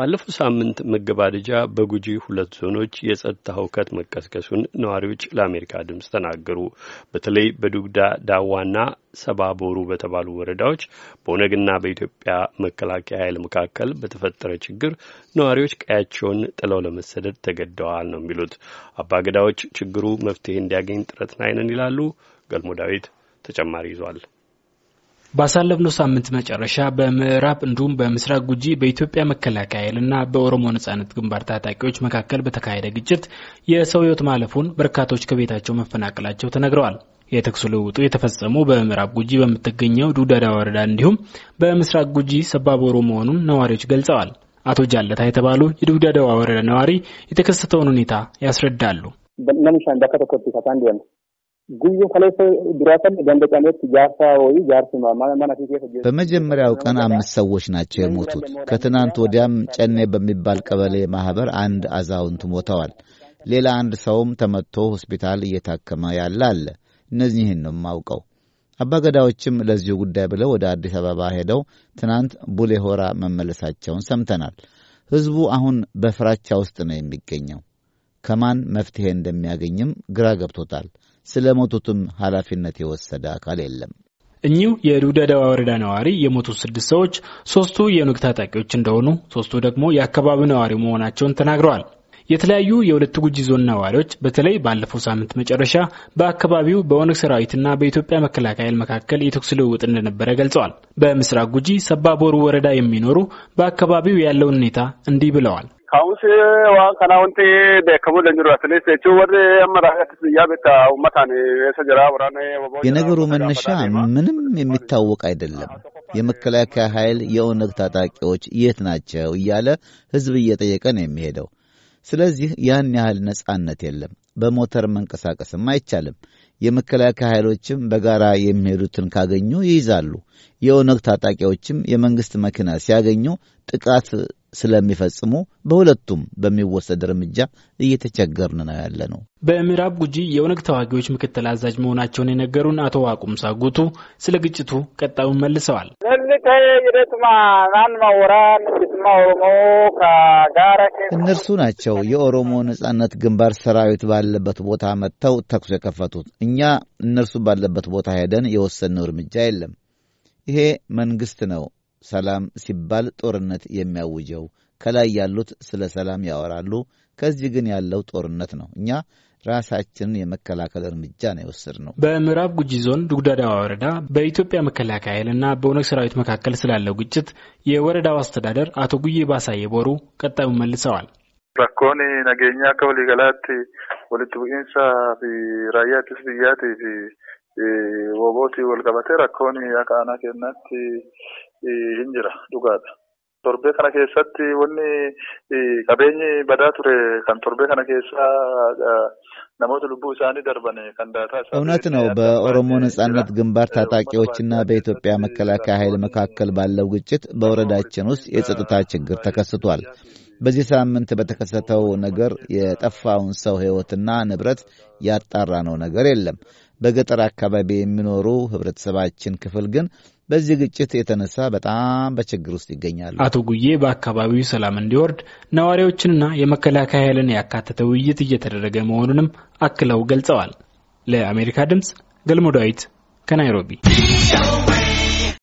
ባለፈው ሳምንት መገባደጃ በጉጂ ሁለት ዞኖች የጸጥታ ሁከት መቀስቀሱን ነዋሪዎች ለአሜሪካ ድምፅ ተናገሩ። በተለይ በዱግዳ ዳዋና ሰባ ቦሩ በተባሉ ወረዳዎች በኦነግና በኢትዮጵያ መከላከያ ኃይል መካከል በተፈጠረ ችግር ነዋሪዎች ቀያቸውን ጥለው ለመሰደድ ተገደዋል ነው የሚሉት። አባገዳዎች ችግሩ መፍትሄ እንዲያገኝ ጥረት ናይነን ይላሉ። ገልሞ ዳዊት ተጨማሪ ይዟል። ባሳለፍነው ሳምንት መጨረሻ በምዕራብ እንዲሁም በምስራቅ ጉጂ በኢትዮጵያ መከላከያ ኃይልና በኦሮሞ ነጻነት ግንባር ታጣቂዎች መካከል በተካሄደ ግጭት የሰው ሕይወት ማለፉን በርካቶች ከቤታቸው መፈናቀላቸው ተነግረዋል። የተኩስ ልውውጡ የተፈጸመው በምዕራብ ጉጂ በምትገኘው ዱዳዳ ወረዳ እንዲሁም በምስራቅ ጉጂ ሰባቦሮ መሆኑን ነዋሪዎች ገልጸዋል። አቶ ጃለታ የተባሉ የዱዳዳዋ ወረዳ ነዋሪ የተከሰተውን ሁኔታ ያስረዳሉ። ጃርሳ ወይ በመጀመሪያው ቀን አምስት ሰዎች ናቸው የሞቱት። ከትናንት ወዲያም ጨኔ በሚባል ቀበሌ ማህበር አንድ አዛውንት ሞተዋል። ሌላ አንድ ሰውም ተመትቶ ሆስፒታል እየታከመ ያለ አለ። እነዚህን ነው የማውቀው። አባገዳዎችም ለዚሁ ጉዳይ ብለው ወደ አዲስ አበባ ሄደው ትናንት ቡሌሆራ መመለሳቸውን ሰምተናል። ሕዝቡ አሁን በፍራቻ ውስጥ ነው የሚገኘው። ከማን መፍትሄ እንደሚያገኝም ግራ ገብቶታል። ስለ ሞቱትም ኃላፊነት የወሰደ አካል የለም። እኚሁ የዱደዳዋ ወረዳ ነዋሪ የሞቱ ስድስት ሰዎች ሶስቱ የኑግ ታጣቂዎች እንደሆኑ፣ ሶስቱ ደግሞ የአካባቢው ነዋሪ መሆናቸውን ተናግረዋል። የተለያዩ የሁለት ጉጂ ዞን ነዋሪዎች በተለይ ባለፈው ሳምንት መጨረሻ በአካባቢው በኦነግ ሰራዊትና በኢትዮጵያ መከላከያ ኃይል መካከል የተኩስ ልውውጥ እንደነበረ ገልጸዋል። በምስራቅ ጉጂ ሰባቦሩ ወረዳ የሚኖሩ በአካባቢው ያለውን ሁኔታ እንዲህ ብለዋል። Ka'umsi waan kana wanti beekamuu danda'u asinis jechuun warri amma raayyaattis biyyaa bitta uummataan eessa jira waraana የነገሩ መነሻ ምንም የሚታወቅ አይደለም። የመከላከያ ኃይል የኦነግ ታጣቂዎች የት ናቸው እያለ ህዝብ እየጠየቀ ነው የሚሄደው። ስለዚህ ያን ያህል ነጻነት የለም። በሞተር መንቀሳቀስም አይቻልም። የመከላከያ ኃይሎችም በጋራ የሚሄዱትን ካገኙ ይይዛሉ። የኦነግ ታጣቂዎችም የመንግሥት መኪና ሲያገኙ ጥቃት ስለሚፈጽሙ በሁለቱም በሚወሰድ እርምጃ እየተቸገርን ነው ያለ ነው። በምዕራብ ጉጂ የኦነግ ተዋጊዎች ምክትል አዛዥ መሆናቸውን የነገሩን አቶ ዋቁም ሳጉቱ ስለ ግጭቱ ቀጣዩን መልሰዋል። እነርሱ ናቸው የኦሮሞ ነጻነት ግንባር ሰራዊት ባለበት ቦታ መጥተው ተኩስ የከፈቱት። እኛ እነርሱ ባለበት ቦታ ሄደን የወሰነው እርምጃ የለም። ይሄ መንግስት ነው ሰላም ሲባል ጦርነት የሚያውጀው ከላይ ያሉት ስለ ሰላም ያወራሉ። ከዚህ ግን ያለው ጦርነት ነው። እኛ ራሳችንን የመከላከል እርምጃ ነው ነው። በምዕራብ ጉጂ ዞን ዱጉዳዳዋ ወረዳ በኢትዮጵያ መከላከያ ኃይልና በኦነግ ሰራዊት መካከል ስላለው ግጭት የወረዳው አስተዳደር አቶ ጉዬ ባሳ የቦሩ ቀጣዩ መልሰዋል። bakkoon ነገኛ akka walii galaatti walitti ራያ fi ብያት ወቦቲ ወልቀበቴ wal qabatee rakkoon hin jira dhugaadha. Torbee kana keessatti wanni qabeenyi badaa ture kan torbee kana keessa namoota lubbuu isaanii darban kan ዳታ እውነት ነው። በኦሮሞ ነጻነት ግንባር ታጣቂዎችና በኢትዮጵያ መከላከያ ኃይል መካከል ባለው ግጭት በወረዳችን ውስጥ የጸጥታ ችግር ተከስቷል። በዚህ ሳምንት በተከሰተው ነገር የጠፋውን ሰው ሕይወትና ንብረት ያጣራነው ነገር የለም። በገጠር አካባቢ የሚኖሩ ኅብረተሰባችን ክፍል ግን በዚህ ግጭት የተነሳ በጣም በችግር ውስጥ ይገኛሉ። አቶ ጉዬ በአካባቢው ሰላም እንዲወርድ ነዋሪዎችንና የመከላከያ ኃይልን ያካተተ ውይይት እየተደረገ መሆኑንም አክለው ገልጸዋል። ለአሜሪካ ድምፅ ገልሞ ዳዊት ከናይሮቢ